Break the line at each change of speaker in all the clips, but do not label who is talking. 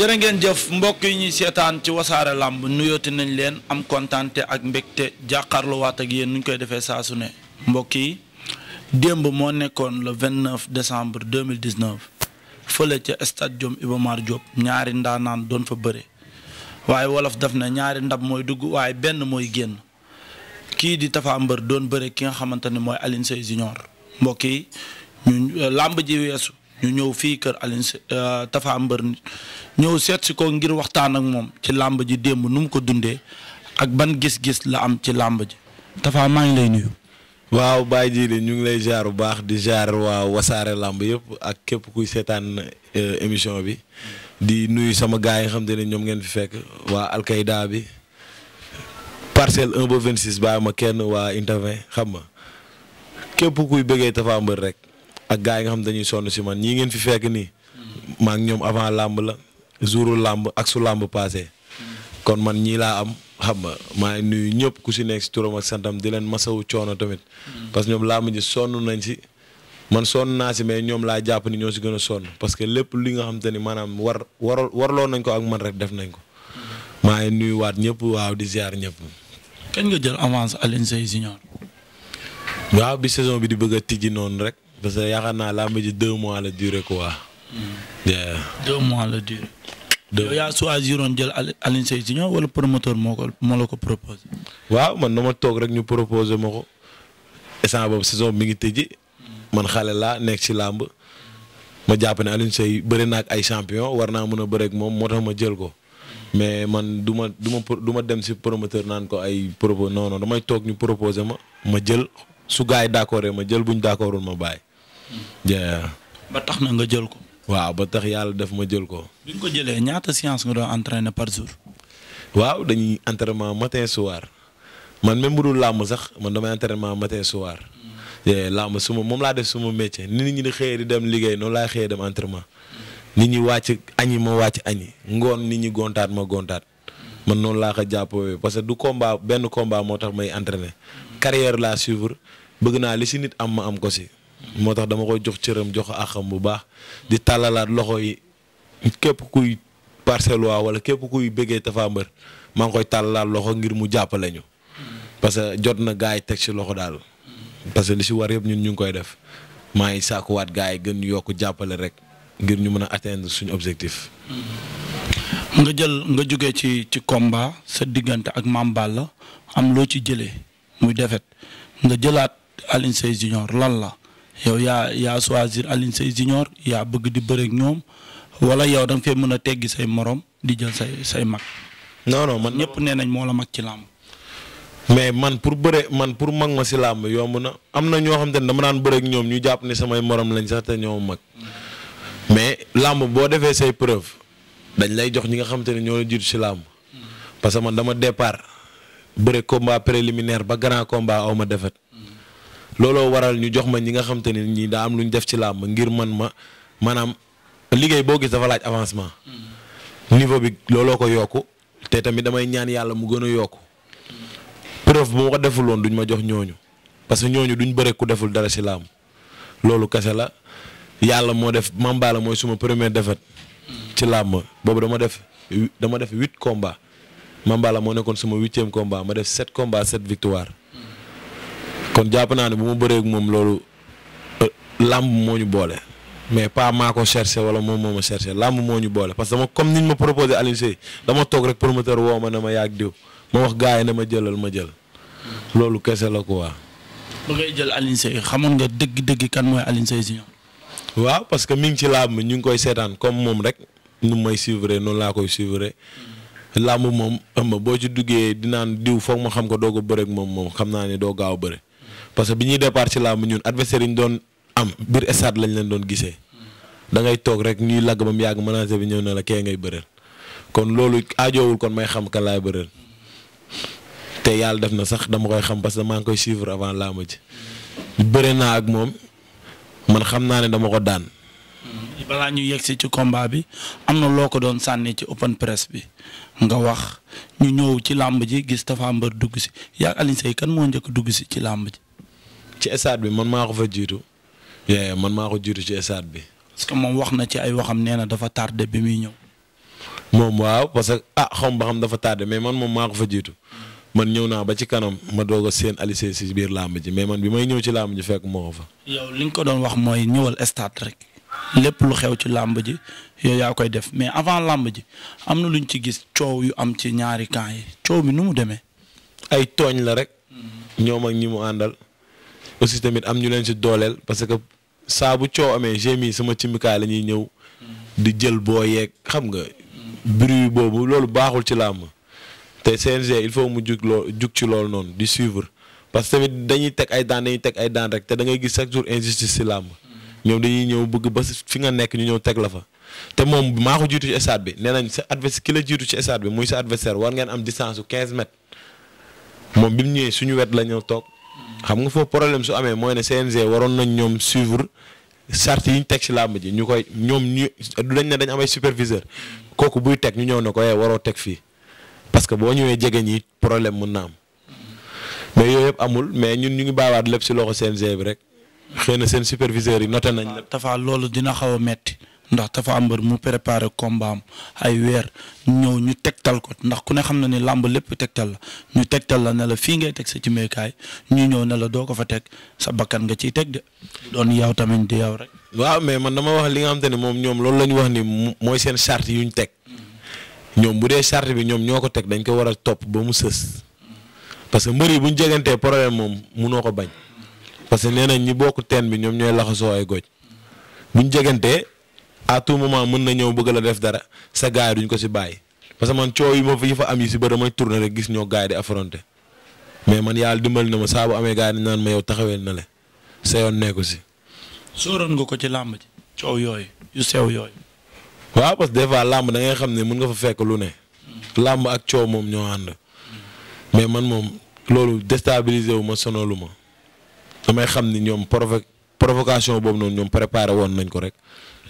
jërë ngeen jëf mbokk yi ñuy seetaan ci wasaare làmb nuyooti nañ leen am kontaan ak mbegte jàkkaarloowaat ak yéen nu ñu koy defee saasu ne mbokk yi démb moo nekkoon le 29 décembre 2019 fële ca stadium Iba Mar Diop ñaari ndaanaan doon fa bëre waaye wolof daf na ñaari ndab mooy dugg waaye benn mooy génn kii di Tapha Mbeur doon bëre ki nga xamante ne mooy Alioune Sèye Junior mbokk yi euh, làmb ji weesu ñu ñëw fii kër Alioune euh, Tapha Mbeur ñëw seet si ko ngir waxtaan ak moom ci làmb ji démb nu mu ko dundee ak ban gis-gis la
am ci làmb ji Tapha maa ngi lay nuyu. waaw Baye Djili ñu ngi lay jaar bu baax di jaar waa wasaare làmb yëpp ak képp kuy seetaan euh, émission bi di nuyu sama gars yi xam ne ñoom ngeen fi fekk waa Alkayda bi parcelle 1 ba 26 bàyyi ma kenn waa Intervin xam ma képp kuy bëggee Tapha Mbeur rek. ak gars yi nga xam dañuy sonn si man ñii ngeen fi fekk nii. maa ñoom avant làmb la jouru làmb ak su làmb passe kon man ñii laa am xam nga maa ngi nuyu ñëpp ku si nekk si turam ak santam di leen masawu coono tamit. parce que ñoom làmb ji nañ si. man sonn naa si mais ñoom laa jàpp ni si gën a parce que lépp li nga xam ni maanaam war war warloo nañ ko ak man rek def nañ ko. maa ngi waat ñëpp waaw di ziar ñëpp.
kañ nga jël avance Alioune si Junior.
waaw bi saison bi di bëgg a tijji noonu rek. parce que yaakaar naa làmb ji deux mois la durée quoi.
deux mois la durée. deux yow yaa jël Alioune Seye Junior wala promoteur moo ko moo la ko proposé.
waaw man na ma toog rek ñu proposé ma ko instant boobu saison mi ngi tëjji. man xale laa nekk si làmb. ma jàpp ne Alioune Seye bëri na ay champion war naa mën a bëreek moom moo tax ma jël ko. mais man du ma du ma du ma dem si promoteur naan ko ay propos non non damay toog ñu proposé ma ma jël su gars yi ma jël buñ ñu d' ma bàyyi. ba tax na nga jël ko. waaw ba tax yàlla def ma jël ko. bi nga ko jëlee ñaata séance nga doon entraîner par jour. waaw dañuy entraînement matin soir man même bu dul làmb sax man damay entraînement matin soir. làmb suma moom laa def suma métier ni nit ñi di xëyee di dem liggéey noonu laay xëyee dem entraînement. nit ñi wàcc añi ma wàcc añi ngoon nit ñi gontaat ma gontaat. man noonu laa ko jàppoo parce que du combat benn combat moo tax may entraîner. carrière bëgg naa li nit am ma am ko si. moo tax dama koy jox cëram jox axam bu baax di tàllalaat loxo yi képp kuy parcelle waa wala képp kuy bëggee Tapha Mbeur maa ngi koy tàllalaat loxo ngir mu jàppale ñu. parce que jot na gars yi teg ci loxo daal. parce que li si war yëpp ñun ñu ngi koy def maa ngi saakuwaat gars yi gën yokk jàppale rek ngir ñu mën a atteindre suñu objectif. nga jël nga jógee ci ci combat sa diggante ak Mame Balla am
loo ci jëlee muy defet nga jëlaat Alioune Sèye Junior lan la. yow yaa yaa choisir Alioune Seye Junior yaa bëgg di bëreek ñoom wala yow da nga fee mën a teggi say
moroom di jël say say mag. non man ñëpp nee nañ moo la mag ci làmb. mais man pour bëree man pour mag ma si làmb yomb na am na ñoo xam te ne dama daan bëreek ñoom ñu jàpp ne samay morom lañ sax te ñoo mag mais làmb boo defee say preuve dañ lay jox ñi nga xam te ne ñoo la jiitu si làmb parce que man dama départ bëre combat préliminaire ba grand combat aw ma defet looloo waral ñu jox ma ñi nga xam te ne ñi daa am lu ñu def ci làmb ngir man ma maanaam liggéey boo gis dafa laaj avancement. Mm-hmm. niveau bi looloo ko yokk te tamit damay ñaan yàlla mu gën a yokk preuve bu ma ko deful woon duñ ma jox ñooñu parce que ñooñu duñ bëre ku deful dara ci làmb loolu kese la yàlla moo def Mamba la mooy suma première défaite mm-hmm. ci làmb boobu dama def dama def huit combats Mamba la moo nekkoon suma huitième combat ma def sept combats sept victoire. kon jàpp naa ne bu ma bëreek moom loolu euh, làmb moo ñu boole mais pas maa ko cherché wala moom moo ma cherché làmb moo ñu boole parce que dama comme niñ ma proposé Alioune Seye dama toog rek promoteur woo ma ne ma yàgg diw ma wax gars yi ne ma jëlal ma jël loolu kese la quoi.
ba ngay jël Alioune Seye nga dëgg-dëgg kan mooy Alioune si ñoom.
waaw parce que mi ngi ci làmb ñu ngi koy seetaan comme moom rek nu may noonu laa koy suivre. làmb moom ëmb boo ci duggee di naan diw foog ma xam ko doo ko bëreek moom moom xam naa ne doo gaaw a bëre. parce que bi ñuy départ ci làmb ñun adversaire ñu doon am biir stade lañ leen doon gisee da ngay toog rek ñuy lagg ba mu yàgg manager bi ñëw na la kee ngay bëreel kon loolu ajoowul kon may xam kan laay bëreel te yàlla def na sax dama koy xam parce que maa ngi koy suivre avant làmb ji bëre naa ak moom man xam naa ne dama ko daan. balaa ñu
yegsi ci combat
bi am na loo ko doon
sànni ci open press bi nga wax ñu ñëw ci làmb ji gis dafa Mbeur dugg si yaa Alioune Seye kan moo njëkk dugg si ci làmb ji. ci stade bi man maa ko fa jiitu
man maa ko jiitu ci stade bi. parce que moom wax na ci ay waxam nee na dafa tardé bi muy ñëw. moom waaw parce que ah xaw ba xam dafa tardé mais man moom maa ko fa jiitu man ñëw naa ba ci kanam ma doog a seen Aliou si biir làmb ji mais man bi may ñëw ci làmb ji fekk moo fa.
yow li nga ko doon wax mooy ñëwal stade rek lépp lu xew ci làmb ji yow yaa koy def mais avant làmb ji am na lu luñ ci gis coow yu am ci ñaari camp yi
coow bi nu mu demee. ay tooñ la rek. Mm-hmm. ñoom ak ñi mu àndal. aussi tamit am ñu leen si dooleel parce que saa bu coow amee gémi sama cimikaay la ñuy ñëw di jël boo yeeg xam nga bruit boobu loolu baaxul ci làmb te CNG il faut mu jug loo jug ci loolu noonu di suivre parce que tamit dañuy teg ay daan dañuy teg ay daan rek te da ngay gis chaque jour injustice ci làmb ñoom dañuy ñëw bëgg ba fi nga nekk ñu ñëw teg la fa te moom maa ko jiitu ci stade bi nee nañ sa adversaire ki la jiitu ci stade bi muy sa adversaire war ngeen am distance su 15 moom bi mu ñëwee suñu wet la ñëw toog xam nga foofu problème su amee mooy ne CNG waroon nañ ñoom suivre charte yi ñu teg ci làmb ji ñu koy ñoom ñu dañ ne dañ am ay superviseur kooku buy teg ñu ñëw na ko yee eh, waroo teg fii parce que boo ñëwee jege ñi problème mun na am mais yooyu yëpp amul mais ñun ñu ngi baawaat lépp si loxo CNG bi rek xëy na seen superviseurs yi note nañ la.
Tafa loolu dina xaw a metti ndax dafa ambar mu préparé combat am ay weer ñëw ñu tegtal ko ndax ku ne xam na ni làmb lépp tegtal la ñu tegtal la ne la fii ngay teg sa ci meekaay ñu ñëw ne la doo ko fa teg sa bakkan nga ciy teg de doon yow tamit di yow rek.
waaw mais man dama wax li nga xam te ni moom ñoom loolu lañu wax ni mooy seen charte yu ñu teg ñoom bu dee charte bi ñoom ñoo ko teg dañ ko war a topp ba mu sës parce que mbër yi bu ñu jegantee problème moom munoo ko bañ parce que nee nañ ñi bokk teen bi ñoom ñooy laxasoo ay goj à tout moment mën na ñëw bëgg la def dara sa gaay duñ ko si bàyyi parce que man coow yi ma yi fa am yi si bëri damay tourné rek gis ñoo gaay di affronté mais man yàlla dimbali na ma saa amee gaay dañ naan ma yow taxaweel na le sa yoon nekku si. sóoroon nga ko ci làmb ji coow yooyu yu sew yooyu. waaw parce que des fois làmb da ngay xam ne mën nga fa fekk lu ne. làmb ak coow moom ñoo ànd. mais man moom loolu déstabiliser wu ma sonalu ma damay xam ni ñoom provocation boobu noonu ñoom préparé woon nañ ko rek.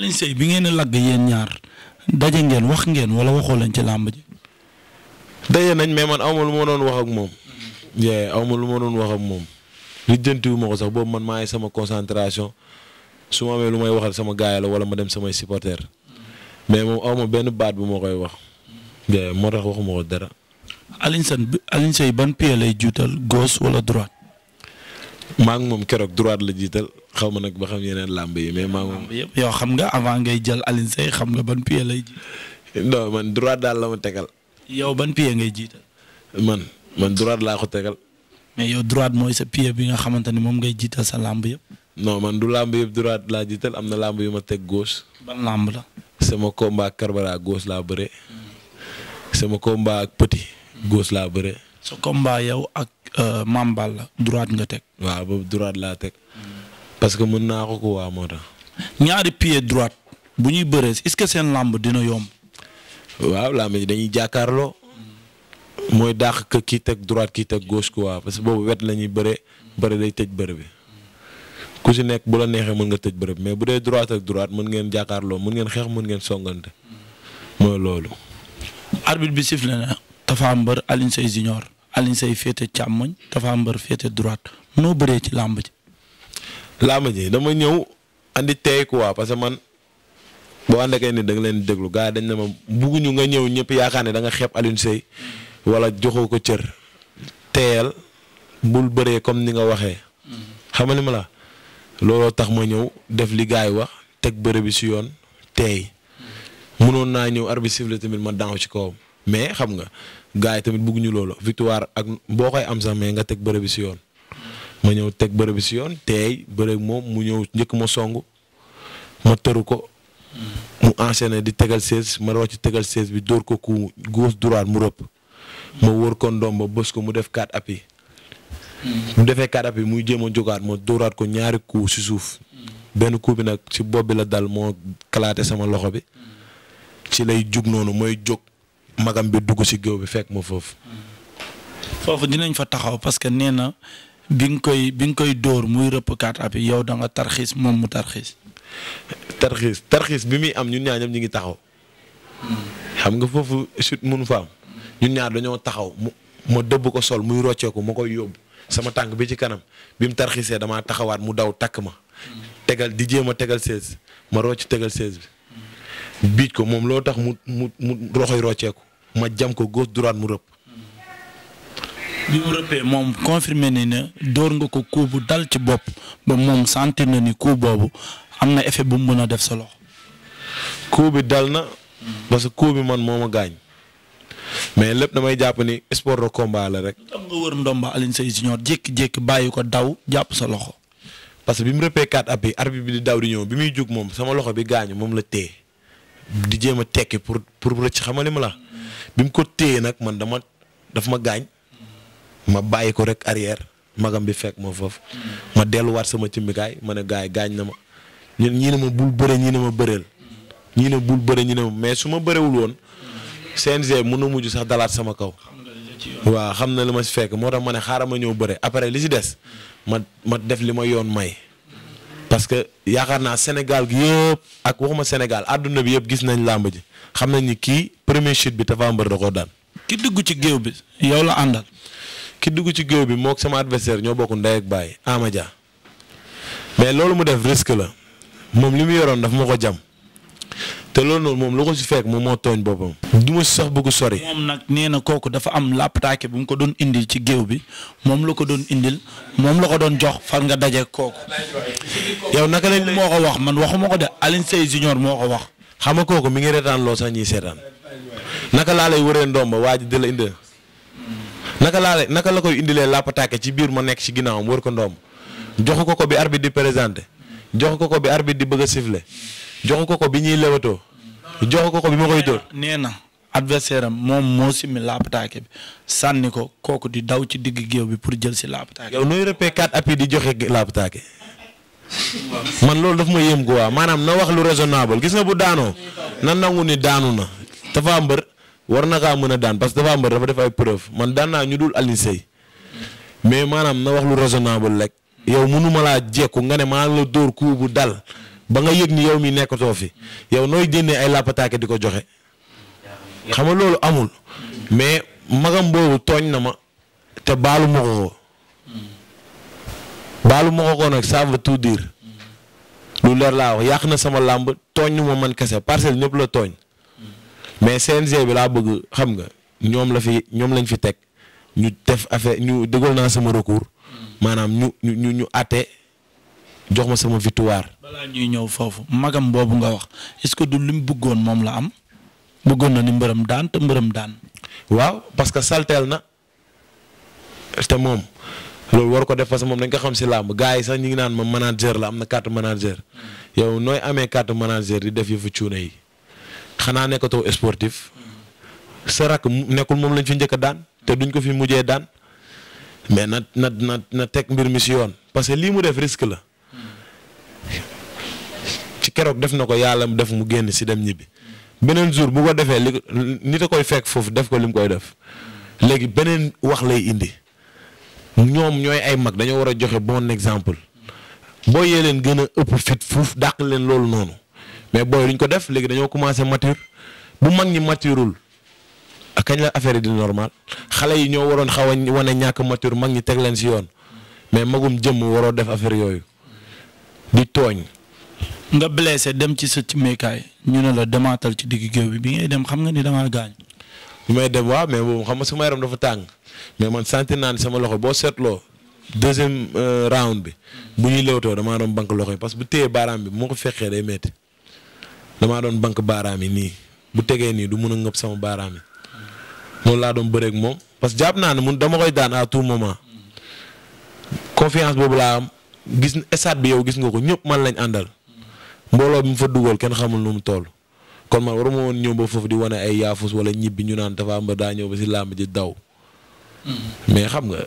Alioune Seye bi ngeen lagg yéen ñaar daje ngeen
wax ngeen wala waxoo leen ci làmb ji.
daje nañ mais man awma lu ma doon wax ak moom. yee awma lu ma doon wax ak moom. lijjantiwu ma ko sax boobu man maay sama concentration su ma amee lu may waxal sama gaay la wala ma dem samay supporter mais moom awma benn baat bi moo koy wax. ma moo tax waxuma ko dara. Alioune
Seye Alioune Seye ban pied lay juutal gauche wala droite.
maa moom keroog droite la jiital xaw ma nag ba xam yeneen làmb yi mais maa ngi moom. yow xam nga avant ngay jël Alioune Seye xam nga ban pied lay man droite daal la tegal. yow ban pied ngay jiital. man man droite laa ko tegal.
mais yow droite mooy sa pied bi nga xamante ni moom ngay jiital sa làmb yëpp.
non man du làmb yëpp droite laa jiital am na làmb yu ma teg gauche. ban làmb la. sama combat ak Karbala gauche laa bëree. sama combat ak Petit gauche laa bëree. sa combat yow ak euh, Mame la droite nga teg. waaw boobu droite laa teg. parce que mën naa ko ko waa moo tax. ñaari pied droite bu ñuy bëree est-ce que seen làmb dina yomb. waaw làmb ji dañuy jàkkaarloo. mooy dàq que kii teg droite kii teg gauche quoi parce que boobu wet la ñuy bëre bëre day tëj bëre bi ku si nekk bu la neexee mën nga tëj bëre mais bu dee droite ak droite mën ngeen jàkkaarloo mën ngeen xeex mën ngeen songante mooy loolu.
arbitre bi sifflé na Tapha Mbeur Alioune Seye Junior Alioune Seye féete càmmoñ Tapha Mbeur féete droite noo bëree ci làmb ji.
làmb ji dama ñëw andi tey quoi parce que man boo ànd ak ay nit leen déglu gars yi dañ ne ma bugguñu nga ñëw ñëpp yaakaar ne danga nga xeeb Alioune wala joxoo ko cër teyal bul bëree comme ni nga waxee. xam nga ma la looloo tax ma ñëw def li gars yi wax teg bëre bi si yoon tey mënoon naa ñëw arbitre siffle tamit ma daaw ci kawam. mais xam nga gars yi tamit bëgguñu loolu victoire ak boo koy am sax mais nga teg bëre si yoon. ma ñëw teg bëre bi si yoon tey bëre moom mu ñëw njëkk ma song ma tëru ko. mu enchaîné di tegal sees ma ci tegal sees bi dóor ko ku gauche duraat mu rëpp. ma wër ko ndoom ba bës ko mu def quatre appuis. mu defee quatre appuis muy jéem a jógaat ma dóoraat ko ñaari ku si suuf. benn coup bi nag si bopp bi la dal moo kalaate sama loxo bi. ci lay jug noonu mooy jóg magam bi dugg si géew bi fekk ma foofu.
foofu dinañ fa taxaw parce que nee na bi nga koy bi nga koy dóor muy rëpp kaat ab yow da nga tarxiis moom mu
tarxiis. tarxiis tarxiis bi muy am ñun ñaar ñoom ñu ngi taxaw. xam nga foofu chute mënu fa am. ñun ñaar dañoo taxaw mu ma dëbb ko sol muy rocceeku ma koy yóbbu sama tànk bi ci kanam bi mu tarxiisee damaa taxawaat mu daw takk ma. tegal di jéem a tegal seize ma rocc tegal seize bi. biij ko moom loo tax mu mu mu roxoy rocceeku. ma jam ko gauche droite mu rëpp.
bi mu rëppee moom confirmé ni ne dóor nga ko coup bu dal ci bopp ba moom sentir na ni coup boobu am na effet bu mu mën a def sa loxo.
coup bi dal na. parce que coup bi man moom a gaañ. mais lépp damay jàpp ni sport de combat la rek. am nga wër ndomba Alioune Seye Junior jékki-jékki bàyyi ko daw jàpp sa loxo. parce que bi mu rëppee kat ab bi di daw di ñëw bi muy jug moom sama loxo bi gaañu moom la téye di jéem a tekki pour pour rëcc xamali ma la. bi mu ko téye nag man dama daf ma gaañ. ma bàyyi ko rek arrière magam bi fekk ma foofu. ma delluwaat sama cimbikaay ma ne gaay gaañ na ma ñun ñii ne ma bul bëre ñii ne ma bareel ñii ne bul bëre ñii ne ma mais su ma bërewul woon. CNG mën na mujj sax dalaat sama kaw. waa xam na li ma si fekk moo tax ma ne xaaral ma ñëw bëre après li si des. ma ma def li ma yoon may. parce que yaakaar naa Sénégal gi yëpp ak ma Sénégal àdduna bi yëpp gis nañ làmb ji xam nañ ni kii premier chute bi Tapha Mbeur da koo daan. ki duggu ci géew bi yow la àndal. ki dugg ci géew bi moog sama adversaire ñoo bokk ndey ak baay Ama Dia mais loolu mu def risque la moom li mu yoroon daf ma ko jam te loolu noonu moom lu ko si feek moom moo tooñ boppam.
du ma si sax bëgg sori. moom nag nee na kooku dafa am làppataake bu mu ko doon indil ci géew bi moom la ko doon indil moom la ko doon jox far nga daje kooku. yow naka lañ moo
ko wax man waxuma ko de Alioune Seye Junior moo ko wax. xam nga kooku mi ngi reetaan loo sax ñuy seetaan naka laa lay wëree ndomba waa ji di la naka laa naka la koy indilee làppataake ci biir ma nekk ci ginnaawam wër ko ndomb jox ko ko bi arbitre di présenté jox ko ko bi arbitre di bëgg a siffler joxu ko ko bi ñuy lewatoo joxu ko ko bi ma koy dóor nee na
adversaire am moom moo simmi laapataake bi sànni ko kooku di daw ci digg géew bi pour
jël si laapataake yow nooy rëppee quatre appuis di joxe laapataake man loolu daf ma yéem ko waa maanaam na wax lu raisonnable gis nga bu daanoo na nangu ni daanu na dafa mbër war na kaa mën a daan parce que dafa mbër dafa def ay preuve man daan naa ñu dul Alioune mais maanaam na wax lu raisonnable rek yow mënuma laa jekku nga ne maa la dóor coup bu dal ba nga yëg ni yow mi nekkatoo fi yow nooy génnee ay lappataake di ko joxe xam nga loolu amul mais magam boobu tooñ na ma te baalu ma ko baalu ma ko nag ça veut tout dire lu leer laa wax yàq na sama làmb tooñ nu ma man kese parcelle ñëpp la tooñ mais CNG bi laa bëgg xam nga ñoom la fi ñoom lañ fi teg ñu def affaire ñu dëggal naa sama recours maanaam ñu ñu jox ma sama victoire.
balaa ñuy ñëw foofu magam boobu nga wax est-ce que du li bëggoon moom la am bëggoon na ni mbërëm
daan te mbërëm daan. waaw parce que salteel na te moom loolu war ko def parce que moom dañ ko xam si làmb gars yi sax ñu ngi naan ma manager la am na kat manager hmm. yow nooy amee carte manager di def yëfu cuune yi xanaa nekkatoo sportif hmm. sa rakk nekkul moom lañ fi njëkk a daan te duñ ko fi mujjee daan mais na na na na teg mbir mi si yoon parce que lii mu def risque la. keroog def na ko yàlla mu def mu génn si dem ñibbi beneen jour bu ko defee li nit a koy fekk foofu def ko li mu koy def léegi beneen wax lay indi ñoom ñooy ay mag dañoo war a joxe bon exemple boo yee leen gën a ëpp fit fuuf dàq leen loolu noonu mais booy duñ ko def léegi dañoo commencé mature bu mag ñi maturul ak kañ la affaire yi di normal xale yi ñoo waroon xaw a wane ñàkk mature mag ñi teg leen si yoon mais magum jëmm waroo def affaire yooyu di tooñ.
nga blessé dem ci sa meekaay ñu ne la demaatal ci digg géew bi bi ngay dem xam na ni damaa
gaañ. bi may dem waaw mais boobu xam nga sama yaram dafa tàng mais man sentir naa ne sama loxo boo seetloo deuxième euh, round bi bu ñuy lewtoo damaa doon bank loxo yi parce que bu téyee baaraam bi bu ko fekkee day damaa doon bank baaraam yi nii bu tegee nii du mun a ngëb sama baaraam yi noonu laa doon bëreeg moom parce que jàpp naa ne mun dama koy daan à tout moment confiance boobu laa am gis stade bi yow gis nga ko ñëpp man lañ àndal. mbooloo bi mu fa duggool kenn xamul nu mu toll kon man waruma woon ñëw ba foofu di wane ay yaafus wala ñibbi ñu naan dafa am daa ñëw ba si làmb ji daw. Mm-hmm. mais xam nga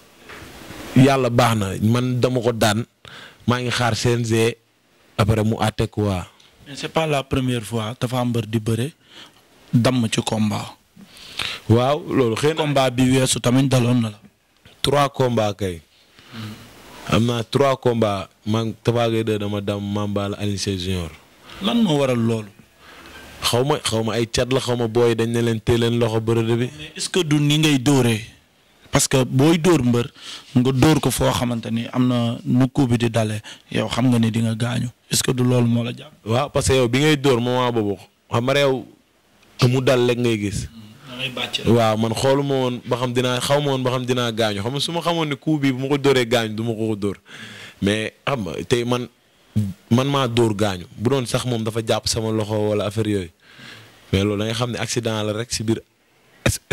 yàlla baax na man dama ko daan maa ngi xaar CNG après mu àtte quoi.
mais c'est la première fois dafa am di bëre damm ci combat.
waaw loolu xëy na bi weesu tamit daloon na la. trois combats kay. Mm. am naa trois combats man Tapha Gueye 2 dama dam Mambal Alioune Sèye Junior. lan moo waral loolu. xaw ma xaw ma ay cat la xaw ma booy dañ ne leen tee leen loxo bërëb bi. est-ce que du ni ngay dóoree. parce que booy dóor mbër
nga dóor ko foo xamante ni am na nu coup bi di dale yow xam nga ni di nga gaañu est-ce que du loolu
moo la jàpp. waaw parce que yow bi ngay dóor moment boobu xam nga yow mu dal rek ngay gis. Mm, waaw man xoolu ma woon ba xam dinaa xaw ma woon ba xam dinaa gaañu xam nga su ma xamoon ne coup bi bu ma ko dóoree gaañu du ma ko dóor. mais xam nga tey man man maa dóor gaañu bu doon sax moom dafa jàpp sama loxo wala affaire yooyu mais loolu da xam ne accident la rek si biir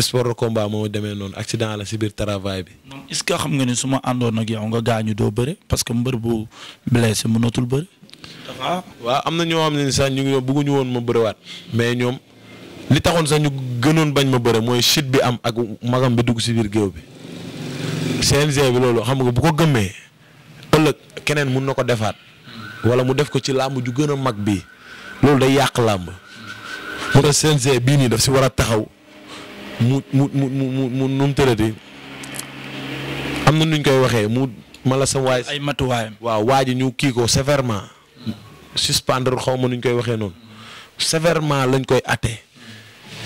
sport de combat moo demee noonu accident la si biir travail bi. moom est-ce que xam nga ni suma
àndoon ak yow nga gaañu doo bëre parce que mbër bu blessé mënatul bëre.
dafa waaw am na ñoo xam ne sax ñu ngi bëgguñu woon ma bëriwaat mais ñoom li taxoon sax ñu gënoon bañ ma bëre mooy chute bi am ak magam bi dugg si biir géew bi CNG bi loolu xam nga bu ko gëmmee. ëllëg keneen mun na ko defaat wala mu def ko ci làmb ju gën a mag bi loolu day yàq làmb mu tax CNG bii nii daf si war a taxaw mu mu mu mu mu nu mu am na nuñ koy waxee mu ma la sam waay ay waaw waa ji ñu kii ko sévèrement suspendre xaw ma nuñ koy waxee noonu sévèrement lañ koy atte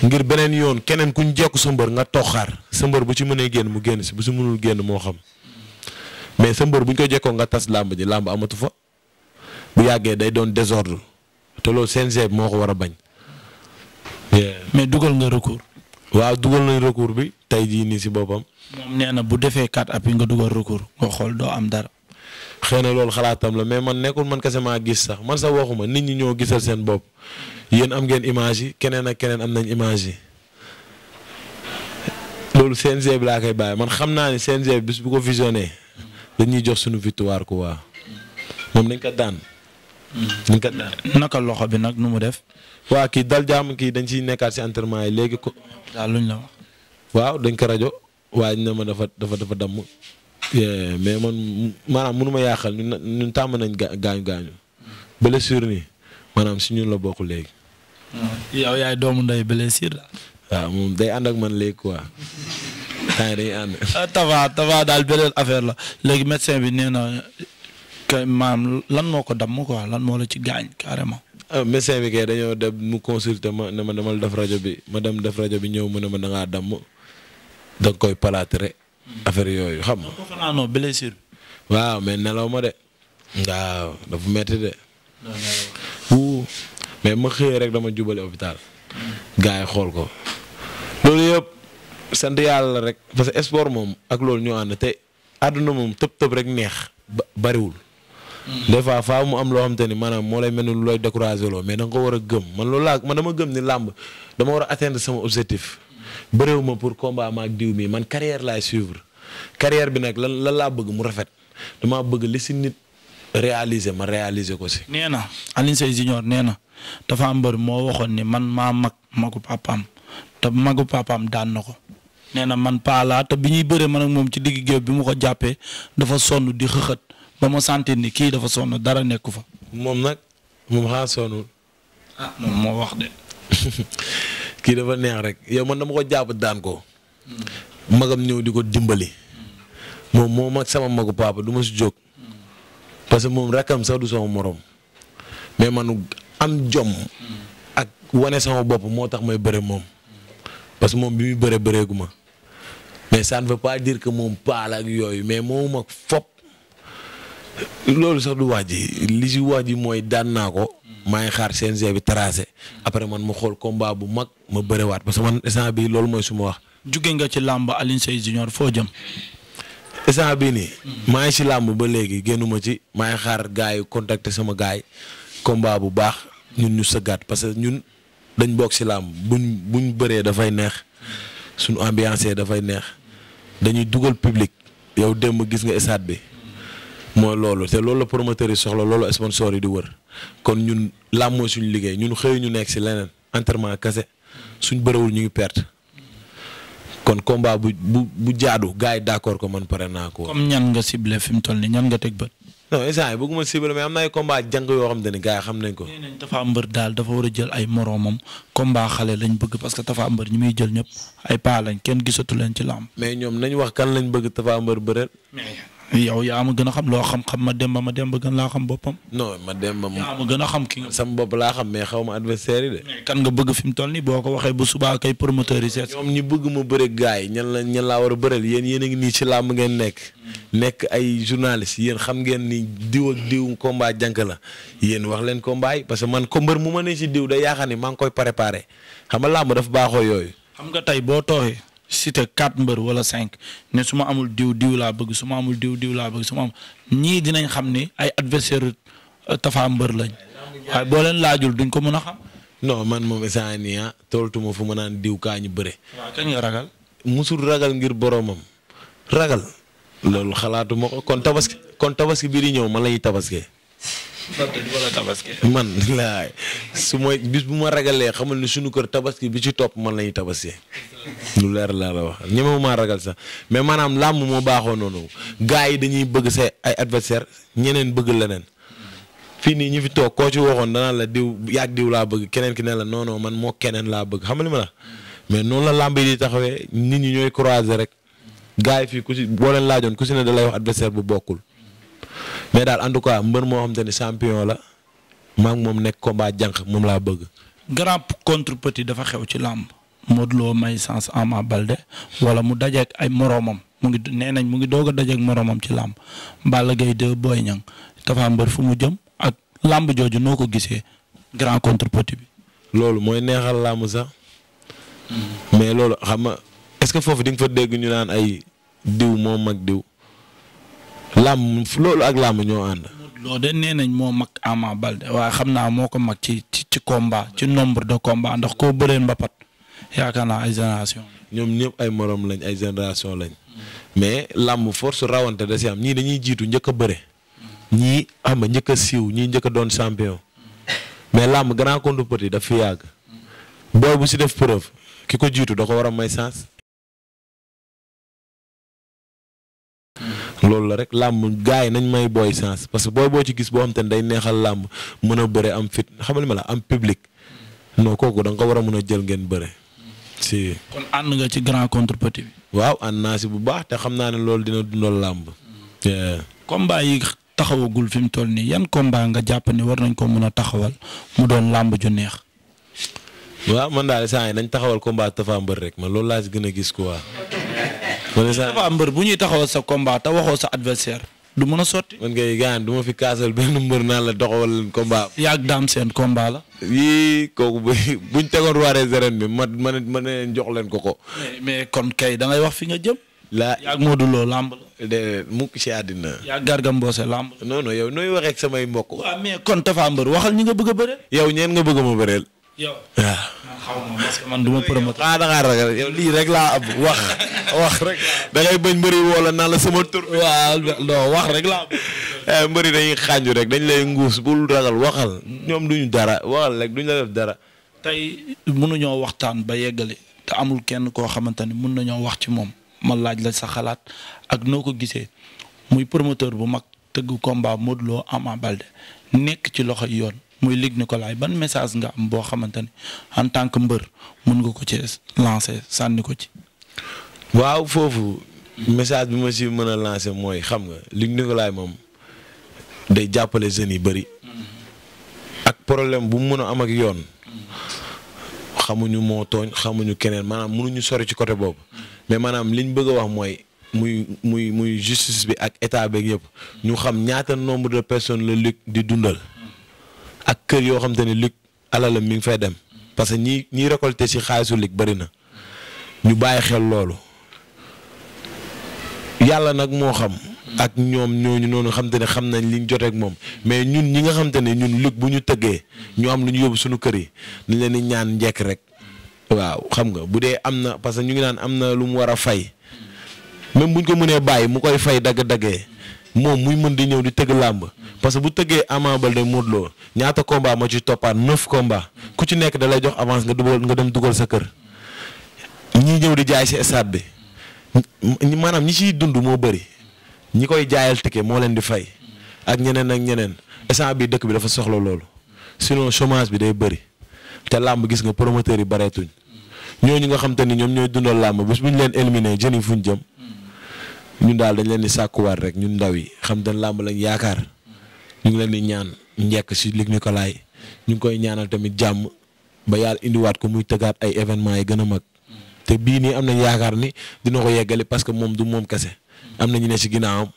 ngir beneen yoon keneen kuñ jekku sa mbër nga toxaar sa mbër bu ci mënee génn mu génn si bu si mënul génn moo xam mais sa mbër bu ñu ko jekkoo nga tas làmb ji làmb amatu fa bu yàggee day doon désordre te loolu bi moo ko war a bañ. mais dugal nga recours. waaw dugal nañ recours bi tey jii nii si boppam. moom nee na bu defee quatre appuis nga dugal recours nga xool doo am dara. xëy na loolu xalaatam la mais man nekkul man kese maa gis sax man sax waxuma nit ñi ñoo gisal seen bopp yéen am ngeen image yi keneen ak keneen am nañ image yi loolu CNG bi laa koy bàyyi man xam naa ne CNG bi bu ko visionné. dañuy jox suñu victoire quoi moom nañ ka daan. nañ ko daan naka loxo bi nag nu mu def. waa kii dal jàmm kii dañ ciy nekkaat si entraînement yi léegi ko. daal luñ la waaw dañ ko rajo waa waaye ne ma dafa dafa dafa damm. Eh, mais man maanaam mënu ma yaaxal ñun ñun tàmm nañ gaañu gaañu. blessure nii maanaam si ñun la bokk léegi. yow yaay doomu nday blessure la. waaw moom day ànd ak man léegi quoi. temps yii dañuy ànd. Tapha daal beneen affaire
la léegi médecin bi nee na maam lan moo ko damm quoi lan moo la ci gaañ
carrément. ah bi kay dañoo dem mu consulter ma ne ma demal def rajo bi ma dem def rajo bi ñëw mu ne ma da ngaa damm da nga koy palaatere affaire yooyu xam nga. xanaa waaw mais nelaw ma de. waaw dafa metti de. mais ma xëyee rek dama jubale hôpital. gars yi xool ko. sant yàlla rek parce que sport moom ak loolu ñu ànd te àdduna moom tëb tëb rek neex ba bariwul. Hmm. des fois faa mu am loo xam te ni maa moo lay mel ni lu loo mais da nga ko war a gëm man loolu laa man dama gëm ni làmb dama war a sama objectif. bëréew ma pour combat ma ak man carrière laay suivre carrière bi nag lan lan laa bëgg mu rafet dama bëgg li si nit réaliser ma réaliser ko si.
nee na Alioune Seye Junior nee na dafa am mbër moo waxoon ni man maa mag magu papaam te magu papaam daan na ko. nee na man paalaa bi ñuy bëree man ak moom ci digg géew bi mu ko jàppee dafa sonn di xëxët ba ma santee ni kii dafa sonn dara nekku fa.
moom nag moom xaa sonnul. Ah, moom moo wax de. kii dafa neex rek yow man dama ko jàpp daan ko. magam ñëw di ko dimbali. moom moo mag sama magu papa du ma si jóg. parce que moom rakkam sax du sama moroom mais man am jom. ak wane sama bopp moo tax may bëre moom. parce que moom bi muy bëre bëreegu ma mais san ne veut pas dire que moom paal ak yooyu mais moomu mag fop loolu sax du wax ji li si wax ji mooy daan naa ko maa ngi xaar CNG bi tracé après man ma xool combat bu mag ma bëriwaat parce que man instant loolu mooy suma wax. jóge nga ci làmb Alioune Seye Junior foo jëm. instant bii nii. maa ngi si làmb ba léegi génnuma ci maa ngi xaar gars yi contacter sama gars yi combat bu baax ñun ñu sëggaat parce ñun. dañ bokk si làmb buñ buñ bëree dafay neex suñu ambiance dafay neex dañuy dugal public yow démb gis nga stade bi mooy loolu te loolu la promoteur yi soxla loolu sponsor yi di wër kon ñun làmb mooy suñu liggéey ñun xëy ñu nekk si leneen entraînement kese suñ bëriwul ñu ngi perte kon combat bu bu bu jaadu gars yi d'accord ko man pare naa ko. comme ñan nga ciblé fi mu toll nii ñan nga teg bët. non instant yii bëgguma ciblé am na ay combat jànk yoo xam ne gars yi xam nañ ko. nee
nañ daal dafa war a jël ay moromam combat xale lañ bëgg parce que Tapha Mbeur ñu muy jël ñëpp ay paa lañ kenn gisatu leen ci lamb.
mais ñoom nañ wax kan lañ bëgg Tapha Mbeur bëreel. yow yaa
ma gën a xam loo xam-xam ma dem ba ma dem ba gën laa xam boppam.
no ma dem ba yaa ma gën a xam ki nga. sama laa xam mais xaw ma adversaire yi kan nga bëgg fi mu toll nii boo ko waxee bu subaa kay promoteur yi seet. ñoom ñi bëgg ma bëre gars yi ñan la ñan laa war a bëreel yéen yéen ngi nii ci làmb ngeen nekk. Hmm. nekk ay journaliste yéen xam ngeen ni diw diw combat jànk la yéen wax leen combat yi parce que man ko mu ma ne si diw da yaakaar ni maa ngi koy préparé xam nga làmb dafa baaxoo yooyu. xam
nga tey boo tooyee cité quatre mbër wala cinq ne su ma amul diw diw laa bëgg su ma amul diw diw laa bëgg su ma am ñii dinañ xam ni ay adversaire euh, Tapha mbër lañ
waaye boo leen laajul duñ ko mën a xam. non man moom instant nii ah toltuma fu ma naan diw kaa ñu bëre. waaw kañ nga ragal. musul ragal ngir boromam ragal. loolu xalaatuma ko kon tabaski kon tabaski bii di ñëw ma la ñuy tabaskee. man laay su mooy bis bu ma ragalee xamal ni suñu kër tabaski bi ci topp man lañuy tabaskee lu leer laa la wax ñemewu maa ragal sax mais maanaam làmb moo baaxoo noonu gars yi dañuy bëgg sa ay adversaire ñeneen bëgg leneen fii nii ñu fi toog koo ci waxoon danaa la diw yaag diw laa bëgg keneen ki ne la non man moo keneen laa bëgg xam ma la mais noonu la làmb yi di taxawee nit ñi ñooy croiser rek gaa yi fii ku si boo leen laajoon ku si ne da lay wax adversaire bu bokkul mais daal en tout cas mbër moo xam te ne champion la maa moom nekk ko baa jànq moom laa bëgg.
grand contre
petit dafa xew ci làmb Modou Lo
may sens Ama Balde wala mu dajeek ay moroomam mu ngi nee nañ mu ngi doog a dajeek moroomam ci làmb Balla Gaye 2 Boy Niang Tapha Mbeur fu mu jëm ak làmb jooju noo ko gisee
grand contre petit bi. loolu mooy neexal làmb sax. mais loolu xam nga est-ce que foofu di nga fa dégg ñu naan ay diw moom mag diw. làmm loolu ak làmm ñoo ànd.
loolu de nee nañ moo mag Ama Balde waaye xam naa moo ko mag ci ci ci combat ci nombre de combat ndax koo ba pat yaakaar naa ay
génération ñoom ñëpp ay morom lañ ay génération lañ. mais làmm force rawante da si am ñii dañuy jiitu njëkk a bëre. ñii am na njëkk a siiw ñii njëkk a doon champion. mais làmm grand contre petit daf fi yàgg. si def preuve ki ko jiitu da ko war a may loolu la rek làmb gars yi nañ may booy sens parce que booy boo ci gis boo xam te ne day neexal làmb mën a bëre am fit xamal ma la am public non kooku da ko war a mën a jël ngeen bëre si. ànd nga ci grand contre waaw ànd naa bu baax te xam naa ne loolu dina dundal làmb. combat yi
taxawagul fi mu toll nii yan combat nga jàpp ne war nañ ko mën a taxawal mu doon làmb ju neex.
waaw man daal saa yi nañ taxawal combat Tapha Mbeur rek man loolu laa si gën a gis quoi. dafa mbër bu ñuy taxawal sa combat te waxoo sa adversaire du mën a sotti. man ngay gaan du ma fi kaasal benn mbër naan la doxo doxawal leen combat. yàgg daam
seen combat la.
yii kooku buñ tegoon waaree zeren bi ma ma ma ne leen jox leen ko ko. mais kon kay da ngay wax fi nga jëm. laa yàgg Modou Lo làmb la. déedéet mukk si àddina. yàgg Garga Mbossé làmb la. non yow nooy waxee ak samay mbokk. waaw mais kon Tapha Mbeur waxal ñi nga bëgg a bëreel. yow ñeen nga bëgg ma bëreel. yow. waaw. xaw ma du ma promoteur. Ah, lii rek laa am rek da ngay bañ mbëri woo la naan la tur. waaw wax rek laa eh, mbëri dañuy xànju rek dañ lay nguus bul ragal waxal ñoom duñu dara waxal rek duñu la dara.
tey mënuñoo waxtaan ba yeggale te amul kenn koo xamante ni mën nañoo wax ci moom ma laaj la sa xalaat ak noo ko gisee muy promoteur bu mag tëgg combat Modou Lo Ama Baldé nekk ci loxo yoon. muy Luc Nicolaï ban message nga am boo xamante ne en tant que mbër mun nga ko ci lancer sànni ko
ci. waaw foofu message bi ma si mën a lancer mooy xam nga Luc Nicolaï moom day jàppale jeunes yi bëri. ak problème bu mu mën a am ak yoon. xamuñu moo tooñ xamuñu keneen maanaam mënuñu sori ci côté boobu. mais maanaam liñ bëgg a wax mooy. muy muy muy justice bi ak état beeg yëpp ñu xam ñaata nombre de personne la Luc di dundal. ak kër yoo xam te lig alalam mi ngi fay dem parce que ñi ñiy récolté si xaalisu lig bëri na ñu bàyyi xel loolu yàlla nag moo xam ak ñoom ñooñu noonu xam te ne xam nañ liñ joteek moom mais ñun ñi nga xam ne ñun lig bu ñu tëggee ñoo am lu ñu yóbbu suñu kër yi ñu leen di ñaan njekk rek waaw xam nga bu dee am na parce que ñu ngi naan am na lu mu war a fay même buñ ko mënee bàyyi mu koy fay dagg-daggee moom muy mën di ñëw di tëgg làmb parce que bu tëggee Ama Baldé Modou loo ñaata combat moo ci toppaat neuf komba ku ci nekk da lay jox avance nga dugal nga dem dugal sa kër ñi ñëw di jaay si stade bi maanaam ñi ciy dund moo bëri ñi koy jaayal ticket moo leen di fay ak ñeneen ak ñeneen stade bi dëkk bi dafa soxla loolu sinon chômage bi day bëri te làmb gis nga promoteurs yi bareetuñ ñooñu nga xam te ni ñoom ñooy dundal làmb bés bu ñu leen éliminé jëni fuñ jëm. ñun daal dañ leen di sàkkuwaat rek ñun ndaw yi xam dañ làmb lañ yaakaar ñu ngi leen di ñaan njekk si Luc Nicolaï ñu ngi koy ñaanal tamit jàmm ba yàlla indiwaat ko muy tëggaat ay événements yi gën a mag te bii nii am nañ yaakaar ni dina ko yeggali parce que moom du moom kese am na ñu ne si ginnaawam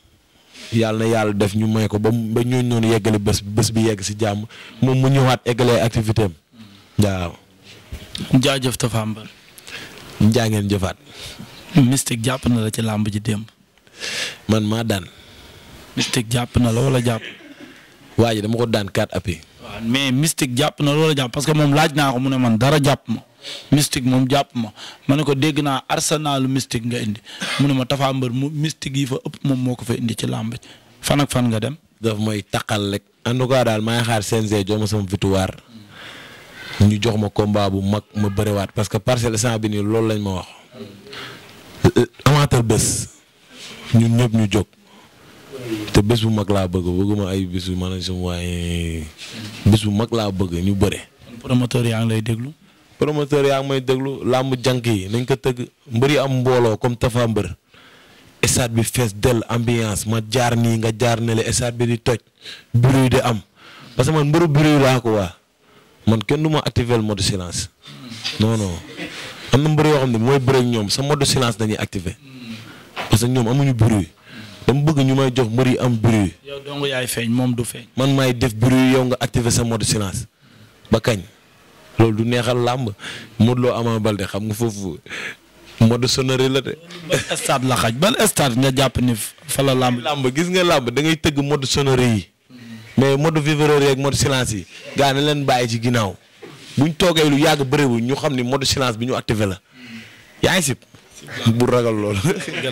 yàlla yàlla def ñu may ko ba ba ñooñu noonu yeggali bés bés bi yegg si jàmm moom mu ñëwaat eggalee activité am waaw. jaajëf Tapha Mbeur. jëfaat. mystique jàpp na la ci làmb ci démb. man maa daan. mystique jàpp na la wala jàpp. waa ji dama ko daan kaat appui.
mais mystique jàpp na loola jàpp parce que moom laaj naa ko mu ne man dara jàpp ma mystique moom jàpp ma ma ne ko dégg naa arsenalu mystique nga indi mu ne ma Tapha Mbeur mu mystique yi fa ëpp moom moo ko fa indi ci
làmb fan ak fan nga dem. daf may taqal rek. en tout cas daal maa ngi xaar CNG jox ma sama victoire ñu jox ma komba bu mag ma bëriwaat parce que parcelle sang bi nii loolu lañ ma wax. Euh, ñu ñëpp ñu jóg te bés bu mag laa bëgg bëgguma ay bés bu ma ne sama bés bu mag laa bëgg ñu bëre. promoteur yaa ngi lay déglu. promoteur yaa ngi may déglu làmb jànk yi nañ ko tëgg mbër yi am mbooloo comme Tafa mbër stade bi fees dell ambiance ma jaar nii nga jaar ne la stade bi di toj bureau yi di am parce que man mbëru bureau yi laa ko waa man kenn du ma activer le mode silence non am na mbër yoo xam ne mooy bëreeg ñoom sa mode silence dañuy activer. parce que ñoom amuñu bruit dama bëgg ñu may jox mbër yi am bruit.
yow yaay feeñ moom du feeñ.
man may def bruit yow nga activer sa mode silence ba kañ loolu du neexal làmb Modou Lo Ama Baldé xam nga foofu mode sonore la de. ban stade la xaj ban stade nga jàpp ni fa la làmb. gis nga làmb da ngay tëgg mode sonore yi mais mode vibreur yeeg mode silence yi gaa leen bàyyi ci ginnaaw buñ toogee lu yàgg bëriwul ñu xam ni mode silence bi ñu activé la yaay ngi bu ragal lool.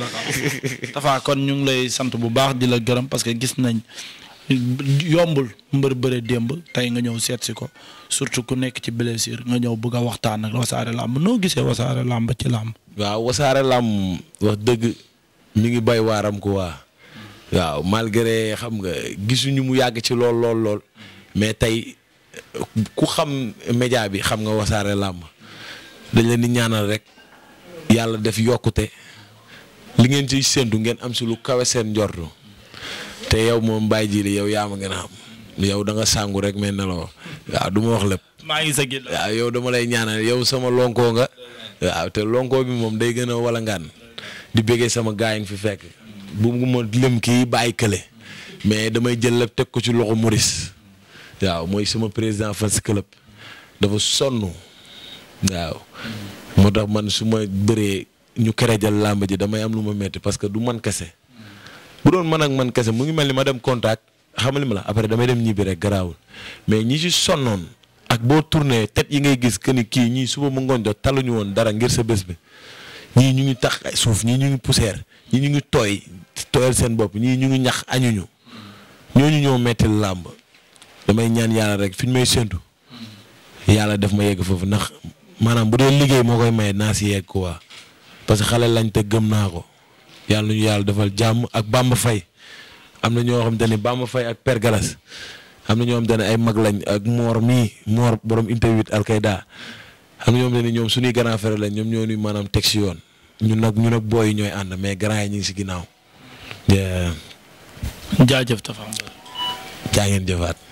Tafa kon ñu ngi lay sant bu baax
di la gërëm parce que gis nañ yombul mbër bëre démb tey nga ñëw seet si ko surtout ku nekk ci blessure nga ñëw bëgg a waxtaan ak wasaare làmb noo gisee wasaare làmb ci
làmb. waaw wasaare làmb wax dëgg mi ngi bay waaram ko waa waaw malgré xam nga gisuñu mu yàgg ci lool lool lool mais tey ku xam média bi xam nga wasaare làmb dañ leen di ñaanal rek. yàlla def yokkute li ngeen ciy séntu ngeen am si lu kawe seen njortu te yow moom bàyyi ji li yow yaa ma ngeen xam yow da nga sàngu rek mel ne la waaw du wax lépp. maa ngi sa waaw yow dama lay ñaanal yow sama lonkoo nga. waaw te lonko bi moom day gën a walangaan di bëggee sama gaay fi fekk. bu ma lim kii bàyyi kële mais damay jël lépp teg ko ci loxo Maurice waaw mooy sama président fans club dafa sonn waaw. moo tax man su ma bëree ñu kerejal làmb ji damay am lu ma metti parce que du man kese bu doon man ak man kese mu ngi mel ni ma dem contact xamali ma la après damay dem ñibbi rek garaawul mais ñi ci sonnoon ak boo tourné tet yi ngay gis que ni kii ñii suba mu ngoon jot ñu woon dara ngir sa bés bi ñii ñu ngi tax suuf ñii ñu ngi poussière ñii ñu ngi tooy tooyal seen bopp ñii ñu ngi ñax añuñu ñooñu ñoo metti làmb damay ñaan yàlla rek fi may séntu yàlla maanaam bu dee liggéey moo koy maye naa si yegg quoi parce que xale lañ te gëm naa ko yàlla ñu yàlla defal jàmm ak Bamba fay am na ñoo xam ne ne Bamba fay ak Père Galas am na ñoo xam ne ay mag lañ ak Mor mii Mor borom interview Alkayda am na ñoo ñoom suñuy grand frère lañ ñoom ñoo ñuy maanaam teg si yoon ñu nag ñun nag booy yi ñooy ànd mais grand yi ñu ngi si ginnaaw. jaajëf Tapha Mbeur. jaa ngeen jëfaat.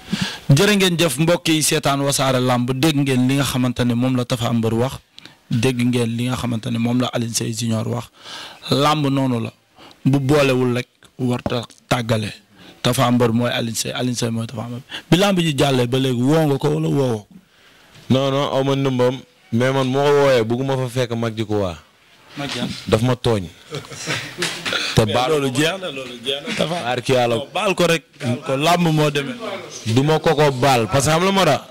jërë ngeen jëf mbokk yi
seetaan wasaare làmb dégg ngeen li nga xamante ne moom la Tapha Mbeur wax dégg ngeen li nga xamante ne moom la Alioune Seye Junior wax làmb noonu la bu boolewul rek warta tàggale Tapha Mbeur mooy Alioune Seye Alioune Seye mooy Tapha Mbeur bi làmb ji jàllee ba léegi woo nga ko wala
woowoo ko. aw ma ndëmbam mais man moo ko wooyee bëgguma fa fekk mag ji ko waa daf ma tooñ. te baal dafa barki baal ko rek. làmb moo deme du ma ko ko baal parce que xam la moo tax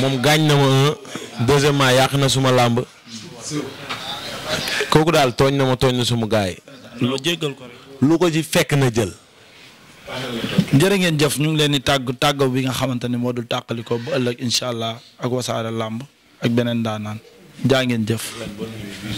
moom gaañ na ma deuxièmement yàq na suma làmb. kooku daal tooñ na ma tooñ na suma gaay lu jéggal ko rek. lu fekk na jël.
jërë ngeen jëf ñu ngi leen di tàgg tàggaw bi nga xamante ne moo dul tàqali ko bu ëllëg incha allah ak wasaare làmb ak beneen daanaan jaa ngeen jëf.